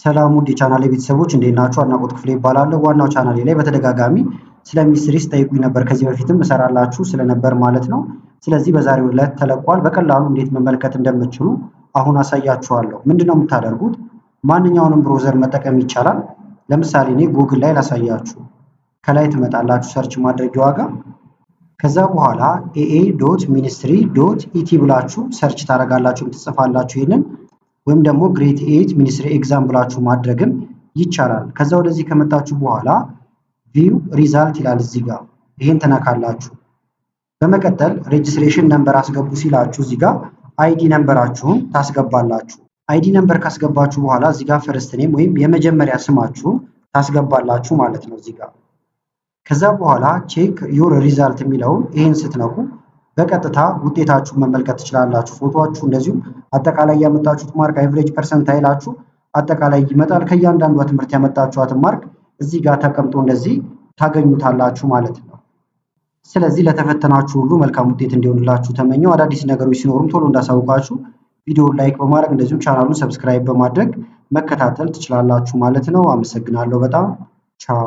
ሰላም ውድ የቻናሌ ቤተሰቦች እንዴት ናችሁ? አድናቆት ክፍሌ ይባላለሁ። ዋናው ቻናሌ ላይ በተደጋጋሚ ስለ ሚስትሪ ጠይቁኝ ነበር፣ ከዚህ በፊትም እሰራላችሁ ስለነበር ማለት ነው። ስለዚህ በዛሬው ዕለት ተለቋል። በቀላሉ እንዴት መመልከት እንደምችሉ አሁን አሳያችኋለሁ። ምንድን ነው የምታደርጉት? ማንኛውንም ብሮዘር መጠቀም ይቻላል። ለምሳሌ እኔ ጉግል ላይ ላሳያችሁ። ከላይ ትመጣላችሁ፣ ሰርች ማድረጊያ ዋጋ። ከዛ በኋላ ኤኤ ዶት ሚኒስትሪ ዶት ኢቲ ብላችሁ ሰርች ታደርጋላችሁ፣ ትጽፋላችሁ ይህንን ወይም ደግሞ ግሬት ኤይት ሚኒስትሪ ኤግዛም ብላችሁ ማድረግም ይቻላል። ከዛ ወደዚህ ከመጣችሁ በኋላ ቪው ሪዛልት ይላል እዚህ ጋር ይሄን ትነካላችሁ። በመቀጠል ሬጅስትሬሽን ነምበር አስገቡ ሲላችሁ እዚህ ጋር አይዲ ነምበራችሁን ታስገባላችሁ። አይዲ ነምበር ካስገባችሁ በኋላ እዚህ ጋር ፈርስት ኔም ወይም የመጀመሪያ ስማችሁን ታስገባላችሁ ማለት ነው እዚህ ጋር ከዛ በኋላ ቼክ ዩር ሪዛልት የሚለውን ይህን ስትነኩ በቀጥታ ውጤታችሁን መመልከት ትችላላችሁ። ፎቶችሁ እንደዚሁም አጠቃላይ ያመጣችሁት ማርክ አቨሬጅ ፐርሰንታይላችሁ አጠቃላይ ይመጣል። ከእያንዳንዷ ትምህርት ያመጣችኋትን ማርክ እዚህ ጋር ተቀምጦ እንደዚህ ታገኙታላችሁ ማለት ነው። ስለዚህ ለተፈተናችሁ ሁሉ መልካም ውጤት እንዲሆንላችሁ ተመኘው። አዳዲስ ነገሮች ሲኖሩም ቶሎ እንዳሳውቃችሁ ቪዲዮውን ላይክ በማድረግ እንደዚሁም ቻናሉን ሰብስክራይብ በማድረግ መከታተል ትችላላችሁ ማለት ነው። አመሰግናለሁ በጣም ቻው።